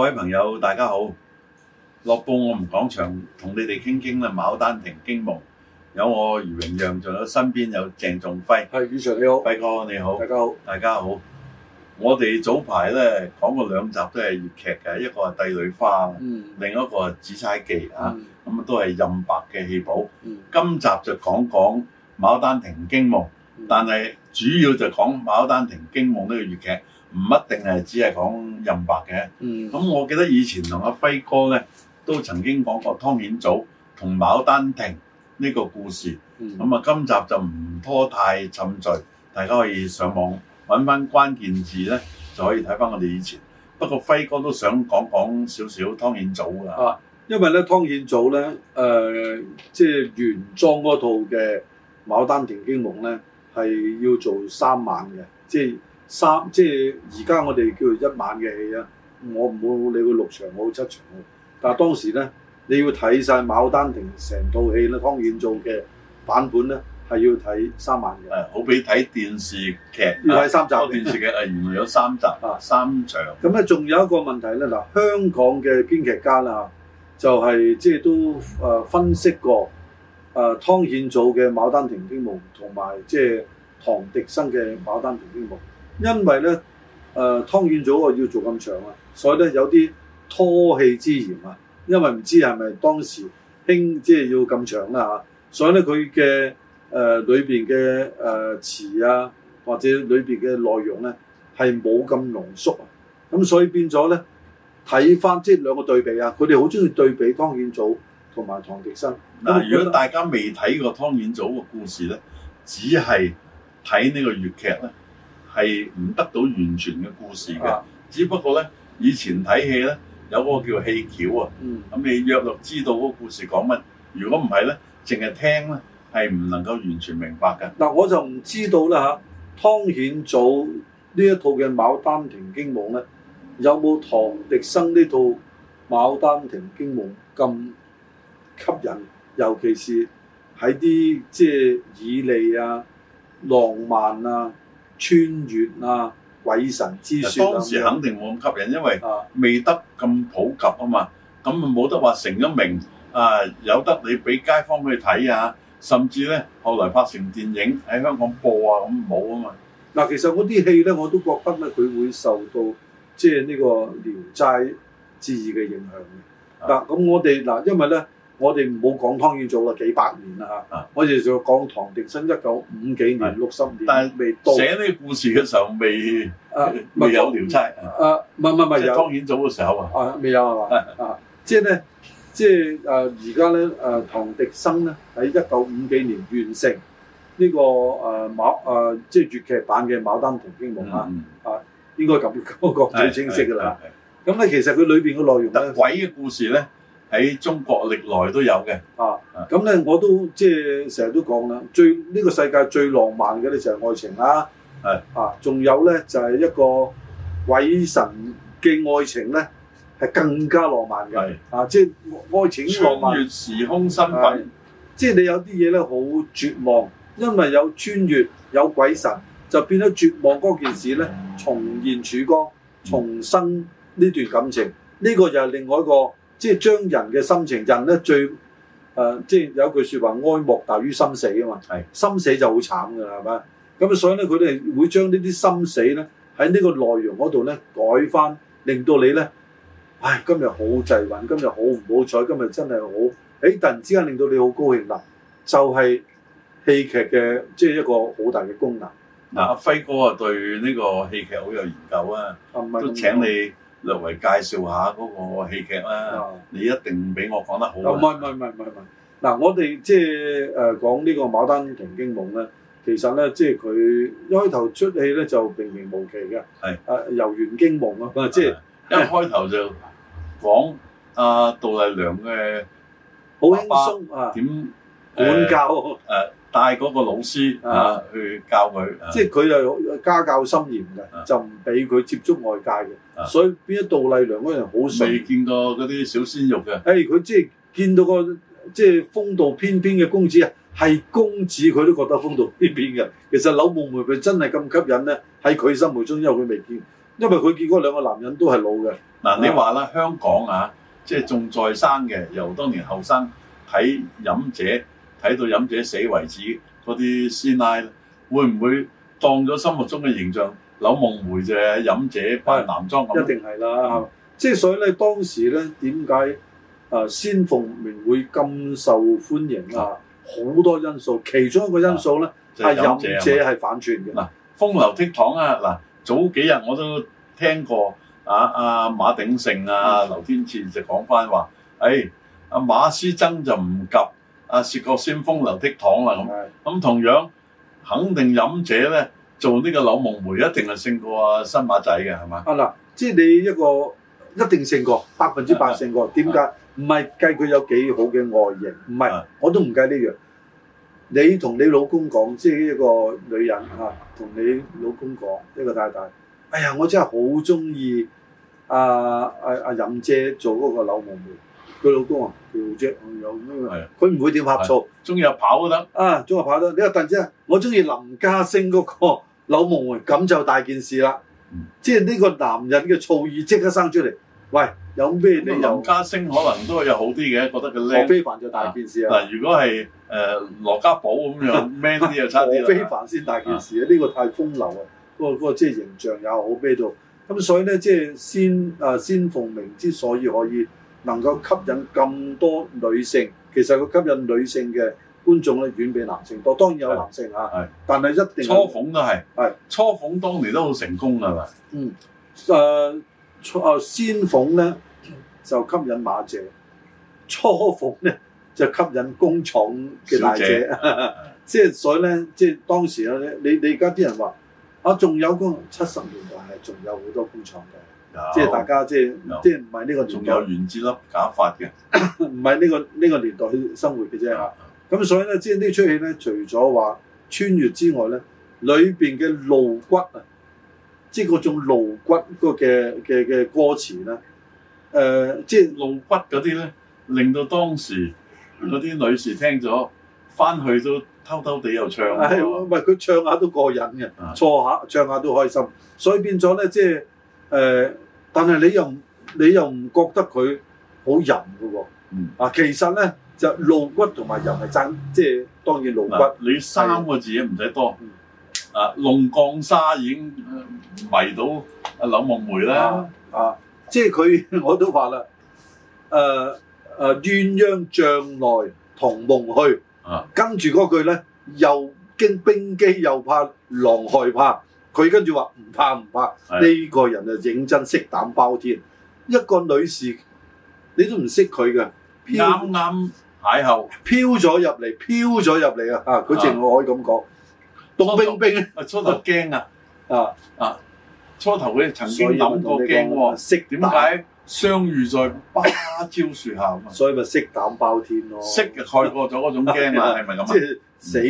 各位朋友，大家好！樂報我哋講場，同你哋傾傾啦，《牡丹亭驚夢》有我余榮陽，仲有身邊有鄭仲輝。係主席你好，輝哥你好，大家好，大家好。我哋早排咧講過兩集都係粵劇嘅，一個係《帝女花》，嗯、另一個係《紫釵記》嗯、啊，咁都係任白嘅戲寶。嗯、今集就講講《牡丹亭驚夢》，但係主要就講《牡丹亭驚夢》呢個粵劇。唔一定係只係講任白嘅，咁、嗯、我記得以前同阿輝哥咧都曾經講過湯顯祖同牡丹亭呢個故事，咁啊、嗯、今集就唔拖太沉醉，大家可以上網揾翻關鍵字咧，就可以睇翻我哋以前。不過輝哥都想講講少少湯顯祖啊，因為咧湯顯祖咧誒、呃，即係原裝嗰套嘅《牡丹亭驚夢》咧，係要做三晚嘅，即係。三即係而家我哋叫做一晚嘅戲啦，我唔會理佢六場，我會七場。但係當時咧，你要睇晒《牡丹亭》成套戲咧，湯顯祖嘅版本咧，係要睇三晚嘅。誒、啊，好比睇電視劇，要睇三集電視劇。誒，原來有三集。啊，三場。咁咧，仲有一個問題咧，嗱，香港嘅編劇家啦，就係、是、即係都誒分析過誒湯顯祖嘅《牡丹亭》驚夢，同埋即係唐迪生嘅《牡丹亭驚夢》驚夢。因為咧，誒湯顯祖要做咁長啊，所以咧有啲拖戲之嫌啊。因為唔知係咪當時興即係要咁長啊，所以咧佢嘅誒裏邊嘅誒詞啊，或者裏邊嘅內容咧係冇咁濃縮啊。咁、嗯、所以變咗咧，睇翻即係兩個對比啊。佢哋好中意對比湯顯祖同埋唐迪生。嗱、嗯，如果大家未睇過湯顯祖個故事咧，只係睇呢個粵劇咧。係唔得到完全嘅故事嘅，啊、只不過咧以前睇戲咧有嗰個叫戲橋啊，咁、嗯嗯、你約略知道個故事講乜。如果唔係咧，淨係聽咧係唔能夠完全明白嘅。嗱、啊，我就唔知道啦嚇。湯、啊、顯祖呢一套嘅《牡丹亭驚夢》咧，有冇唐迪生呢套《牡丹亭驚夢》咁吸引？尤其是喺啲即係旖旎啊、浪漫啊。穿越啊，鬼神之說啊，當時肯定冇咁吸引，因為未得咁普及啊嘛，咁冇得話成咗名啊、呃，有得你俾街坊去睇啊，甚至咧後來拍成電影喺香港播啊，咁唔好啊嘛。嗱，其實嗰啲戲咧，我都覺得咧，佢會受到即係呢個聊齋志異嘅影響嘅。嗱的，咁我哋嗱，因為咧。我哋唔好講湯顯祖啦，幾百年啦嚇。我哋就講唐迪生一九五幾年六十年，但係未寫呢個故事嘅時候未啊，未有聊齋啊。唔係唔係唔係有湯顯祖嘅時候啊。啊，未有係嘛？啊，即係咧，即係誒，而家咧誒，唐迪生咧喺一九五幾年完成呢個誒《牡誒》即係粵劇版嘅《牡丹亭驚夢》嚇啊，應該咁講，個最清晰㗎啦。咁咧，其實佢裏邊嘅內容，鬼嘅故事咧。喺中國歷來都有嘅啊，咁咧我都即係成日都講啦，最呢、這個世界最浪漫嘅咧就係愛情啦，係啊，仲是、啊、有咧就係、是、一個鬼神嘅愛情咧，係更加浪漫嘅，是啊，即係愛情穿越時空身份。即係你有啲嘢咧好絕望，因為有穿越有鬼神，就變咗絕望嗰件事咧重現曙光，重生呢段感情，呢、這個就係另外一個。即係將人嘅心情，人咧最誒、呃，即係有句説話哀莫大於心死啊嘛，係心死就好慘㗎喇，係咪？咁所以咧佢哋會將呢啲心死咧喺呢個內容嗰度咧改翻，令到你咧，唉，今日好濟運，今日好唔好彩，今日真係好，誒，突然之間令到你好高興啦，就係、是、戲劇嘅即係一個好大嘅功能。嗱、啊，阿輝哥啊，對呢個戲劇好有研究啊，啊都請你。略為介紹下嗰個戲劇啦，啊、你一定唔俾我講得好。唔係唔係唔係唔係，嗱、啊、我哋即係誒講呢個《牡丹亭驚夢》咧，其實咧即係佢一開頭出戲咧就平平無奇嘅。係是啊，由《遊園驚夢》啊，即係一開頭就講阿杜麗娘嘅。好輕鬆啊！點管教、啊？誒、啊。啊帶嗰個老師啊去教佢、啊，即係佢係家教森嚴嘅，就唔俾佢接觸外界嘅，啊、所以變咗杜麗娘嗰人好少，未見過嗰啲小鮮肉嘅。誒，佢即係見到個即係、就是、風度翩翩嘅公子啊，係公子佢都覺得風度翩翩嘅。其實柳夢梅佢真係咁吸引咧，喺佢心目中，因為佢未見，因為佢見嗰兩個男人都係老嘅。嗱、啊，你話啦，香港啊，即係仲在生嘅，由當年後生喺飲者。睇到飲者死為止，嗰啲師奶會唔會當咗心目中嘅形象柳夢梅就係？飲者翻男裝，一定係啦。啊、即係所以咧，當時咧點解啊仙鳳鳴會咁受歡迎啊？好、啊、多因素，其中一個因素咧，係飲者係反串嘅。嗱 smoking.、啊，風流倜儻啊！嗱，早幾日我都聽過啊，阿、啊啊、馬鼎盛啊，劉天賜就講翻話：，誒、啊，阿、哎哎、馬師曾就唔及。啊！薛覺先風流倜儻啊。咁是，咁同樣肯定任姐咧做呢個柳夢梅一定係勝過啊新馬仔嘅係咪？啊嗱，即係你一個一定勝過百分之百勝過，點解、啊？唔係、啊、計佢有幾好嘅外形，唔係、啊、我都唔計呢、這、樣、個。你同你老公講，即係一個女人啊，同、啊、你老公講，一、這個太太，哎呀，我真係好中意啊啊啊,啊！任姐做嗰個柳夢梅。佢老公啊，姚姐、嗯、有咩？佢唔會點呷醋，鍾意阿跑都得啊！鍾意阿跑都得。你話鄧姐，我鍾意林家聲嗰、那個柳夢梅咁就大件事啦。嗯、即係呢個男人嘅醋意即刻生出嚟。喂，有咩？林家聲可能都有好啲嘅，覺得佢靚。何非凡就大件事啊！嗱，如果係誒、呃、羅家寶咁樣 man 啲就差啲。 非凡先大件事、嗯、啊！呢個太風流、嗯嗯、啊，嗰個即係形象又好咩到？咁所以咧，即係先誒仙鳳鳴之所以可以。能夠吸引咁多女性，其實佢吸引女性嘅觀眾咧，遠比男性多。當然有男性嚇，但係一定雛鳳都係係是雛鳳當年都好成功㗎係咪？嗯，誒、呃、誒仙鳳咧就吸引馬姐，雛鳳咧就吸引工廠嘅大姐。即係姐 所以咧，即、就、係、是、當時咧，你你而家啲人話啊，仲有個七十年代係仲有好多工廠嘅。有即係大家，有即係即係唔係呢個年代，仲有原子粒假髮嘅，唔係呢個呢、呢個年代去生活嘅啫。咁所以咧，即係呢出戲咧，除咗話穿越之外咧，裏邊嘅露骨啊，即係嗰種露骨個嘅嘅嘅歌詞咧，誒、呃，即係露骨嗰啲咧，令到當時嗰啲女士聽咗，翻去都偷偷地又唱。係，佢、哎、唱下都過癮嘅，坐下唱下都開心，所以變咗咧，即係。誒、呃，但係你又你又唔覺得佢好淫嘅喎、哦？嗯、啊，其實咧就是、露骨同埋又係爭，即係當然露骨、啊。你三個字啊，唔使多啊，龍降沙已經迷到柳夢啊柳夢梅啦啊，即係佢我都話啦，誒、啊、誒，鴛鴦帳內同夢去，啊、跟住嗰句咧，又驚冰肌又怕狼害怕。佢跟住話唔怕唔怕，呢個人啊認真色膽包天。一個女士你都唔識佢嘅，啱啱邂逅，飄咗入嚟，飄咗入嚟啊！啊，佢淨我可以咁講。凍冰冰，初頭驚啊！啊啊，初頭嘅曾經諗過驚喎，點解相遇在芭蕉樹下所以咪色膽包天咯，色蓋過咗嗰種驚啊，係咪咁即係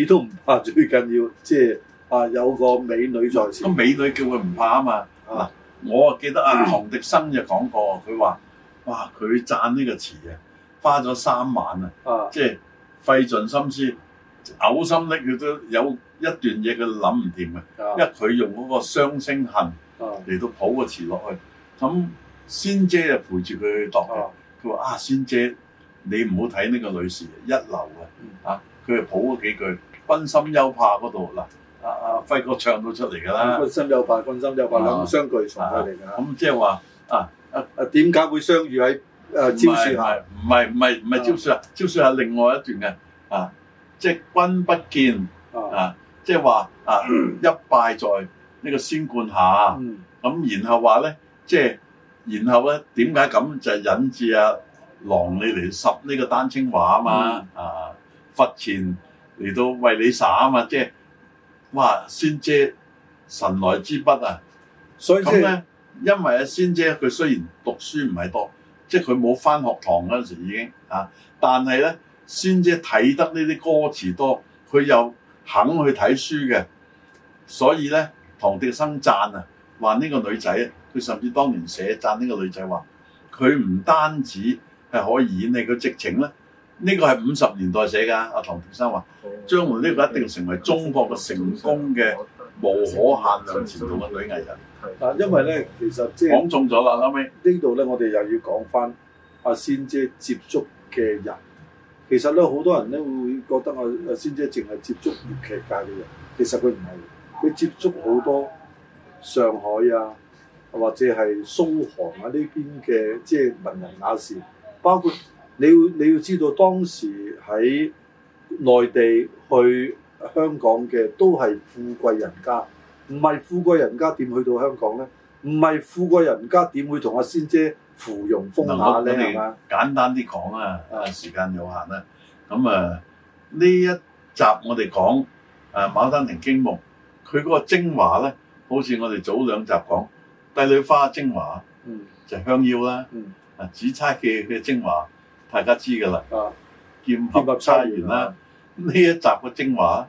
死都唔怕，最緊要即係。啊！有個美女在前，個美女叫佢唔怕啊嘛！嗱、啊，我啊記得阿、啊、唐滌生就講過，佢話：，哇！佢讚呢個詞啊，花咗三晚啊，即係費盡心思，嘔心瀝血都有一段嘢佢諗唔掂嘅，啊、因為佢用嗰個雙聲恨嚟到譜個詞落去。咁、啊、仙姐就陪住佢度嘅，佢話、啊：啊，仙姐，你唔好睇呢個女士，一流嘅、啊，嚇、啊！佢啊譜咗幾句，春心休怕嗰度嗱。啊啊！輝哥唱到出嚟㗎啦！君心有拜，君心有拜，咁相距從來㗎。咁即係話啊啊啊！點解會相遇喺啊招書牌？唔係唔係唔係招書啊！招書係另外一段嘅啊，即係君不見啊，即係話啊一拜在呢個仙冠下，咁然後話咧，即係然後咧點解咁就引致啊郎你嚟拾呢個丹青畫啊嘛，啊佛前嚟到為你耍啊嘛，即係。哇！仙姐神來之筆啊！咁咧以，因為阿、啊、仙姐佢雖然讀書唔係多，即係佢冇返學堂嗰陣時已經啊，但係咧，仙姐睇得呢啲歌詞多，佢又肯去睇書嘅，所以咧，唐滌生讚啊，話呢個女仔，佢甚至當年寫讚呢個女仔話，佢唔單止係可以演你個直情咧。呢個係五十年代寫㗎，阿、啊、唐田生唐滌生話：將來呢個一定成為中國嘅成功嘅無可限量前途嘅女藝人。嗱，因為咧，其實即係講中咗啦啱啱。呢度咧，我哋又要講翻阿仙姐接觸嘅人。其實咧，好多人咧會覺得阿阿仙姐淨係接觸粵劇界嘅人，其實佢唔係，佢接觸好多上海啊，或者係蘇杭啊呢邊嘅即係文人雅、啊、士，包括。你要你要知道當時喺內地去香港嘅都係富貴人家，唔係富貴人家點去到香港咧？唔係富貴人家會點會同阿仙姐芙蓉風下？咧、啊？係嘛、嗯嗯，啊？簡單啲講啦，啊時間有限啦，咁啊呢一集我哋講啊《牡丹亭驚夢》，佢嗰個精華咧，好似我哋早兩集講帝女花精華，嗯，就香夭啦，啊、嗯、紫釵嘅嘅精華。大家知㗎啦，劍合釵圓啦，呢一集嘅精華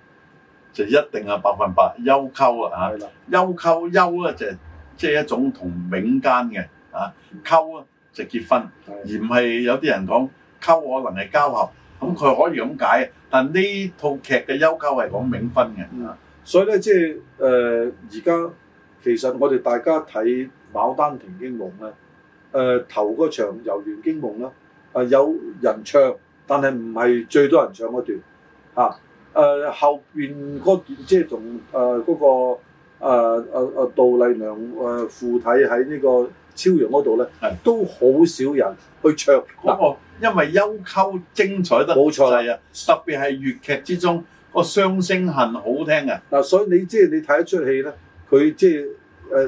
就一定係百分百幽媾啊！嚇，幽媾幽咧就即係一種同冥間嘅啊，媾咧就結婚，而唔係有啲人講媾可能係交合，咁、嗯、佢、嗯、可以咁解，但呢套劇嘅幽媾係講冥婚嘅，所以咧即係誒而家其實我哋大家睇《牡丹亭驚夢》啊，誒、呃、頭嗰場遊園驚夢啦。誒有人唱，但係唔係最多人唱嗰段，嚇誒、啊呃、後邊段，即係同誒嗰、呃嗰個誒誒杜麗娘誒、呃、附體喺呢個超陽嗰度咧，的都好少人去唱。嗱、啊，因為幽媾精彩得冇錯係啊，特別係粵劇之中個雙聲恨好聽嘅、啊、嗱、啊，所以你即係你睇一出戲咧，佢即係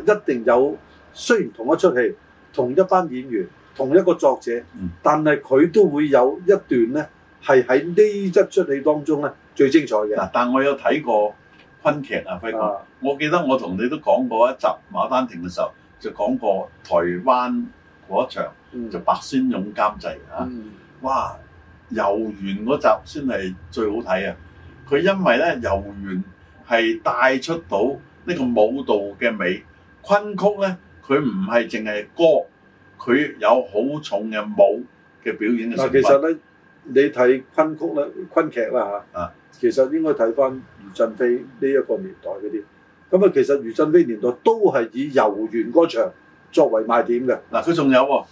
誒一定有，雖然同一出戲同一班演員。同一個作者，但係佢都會有一段呢，係喺呢一出戲當中呢最精彩嘅。但我有睇過昆劇啊，輝哥、啊，我記得我同你都講過一集《牡丹亭》嘅時候，就講過台灣嗰一場、嗯、就白先勇監製啊，哇！遊園嗰集先係最好睇啊！佢因為呢遊園係帶出到呢個舞蹈嘅美，昆曲呢，佢唔係淨係歌。佢有好重嘅舞嘅表演嘅成分。嗱，其實咧，你睇昆曲咧、昆劇啦嚇，啊、其實應該睇翻俞振飛呢一個年代嗰啲。咁啊，其實俞振飛年代都係以遊園嗰場作為賣點嘅。嗱、啊，佢仲有喎，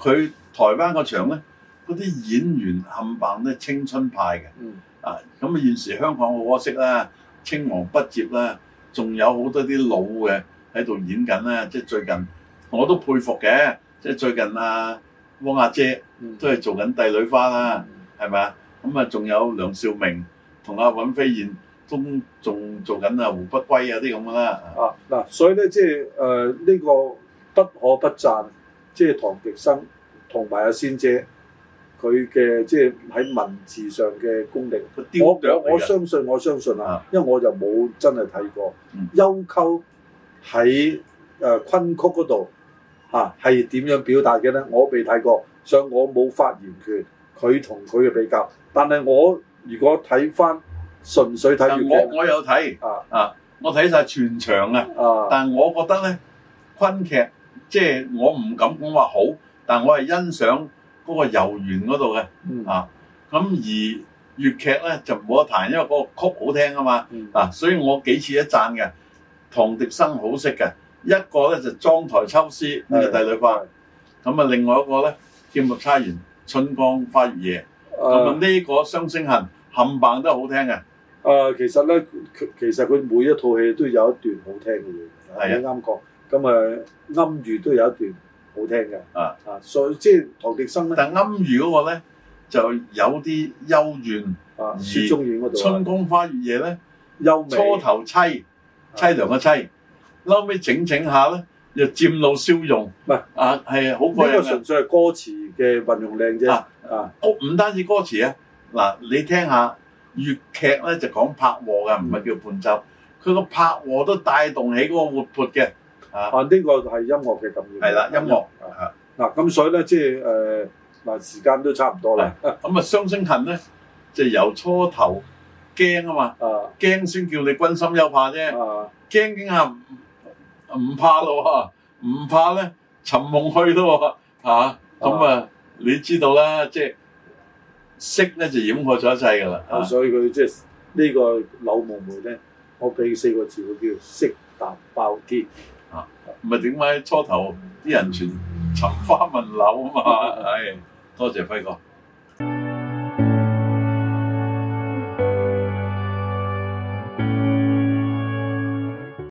佢台灣個場咧，嗰啲演員冚棒咧青春派嘅。嗯、啊，咁啊現時香港好可惜啦，青黃不接啦，仲有好多啲老嘅喺度演緊啦，即係最近我都佩服嘅。即係最近啊，汪阿姐、嗯、都係做緊帝女花啦，係咪啊？咁、嗯、啊，仲有梁少明同阿尹飛燕都仲做緊啊《胡不歸》啊啲咁嘅啦。啊嗱，所以咧即係誒呢個不可不讚，即係唐滌生同埋阿仙姐佢嘅即係喺文字上嘅功力。嗯、我我我相信、啊、我相信啊，因為我就冇真係睇過《幽媾、嗯嗯》喺誒昆曲嗰度。嚇係點樣表達嘅咧？我未睇過，所以我冇發言權。佢同佢嘅比較，但係我如果睇翻純粹睇粵劇，我我有睇啊啊！我睇晒全場啊，但係我覺得咧昆劇即係、就是、我唔敢講話好，但我係欣賞嗰個遊園嗰度嘅啊。咁而粵劇咧就冇得彈，因為嗰個曲好聽啊嘛、嗯、啊，所以我幾次一讚嘅唐迪生好識嘅。一個咧就妝台秋思，呢個帝女花，咁啊的另外一個咧叫木差園春光花月夜，咁啊呢個雙星恨冚唪唥都好聽嘅。誒其實咧，其實佢每一套戲都有一段好聽嘅嘢，啱啊的，啱講的？咁啊，噏住都有一段好聽嘅。啊啊，所以即係唐迪生咧，但噏住嗰個咧就有啲幽怨中度，春光花月夜咧，幽美初頭悽悽涼嘅悽。妻後尾整整下咧，又佔到笑容，唔係 Wait, 啊，係啊，好貴噶。呢個純粹係歌詞嘅運用靚啫。啊、呃、啊，唔單止歌詞啊，嗱你聽下粵劇咧就講拍和嘅，唔係叫伴奏。佢個拍和都帶動起嗰個活潑嘅啊。啊，呢、啊這個係音樂嘅感應。係啦，音樂。嗱，咁所以咧，即係誒嗱時間都差唔多啦。咁啊，雙星恨咧就由初頭驚啊嘛，驚先叫你軍心優怕啫，驚驚下。寶 paragraph 唔怕咯，唔怕咧，尋夢去咯喎，咁啊，啊啊你知道啦，即係色咧就掩蓋咗一切噶啦，啊、所以佢即係呢個柳夢梅咧，我俾四個字佢叫色膽包天啊，唔係點解初頭啲人全尋花問柳啊嘛，係 多謝輝哥。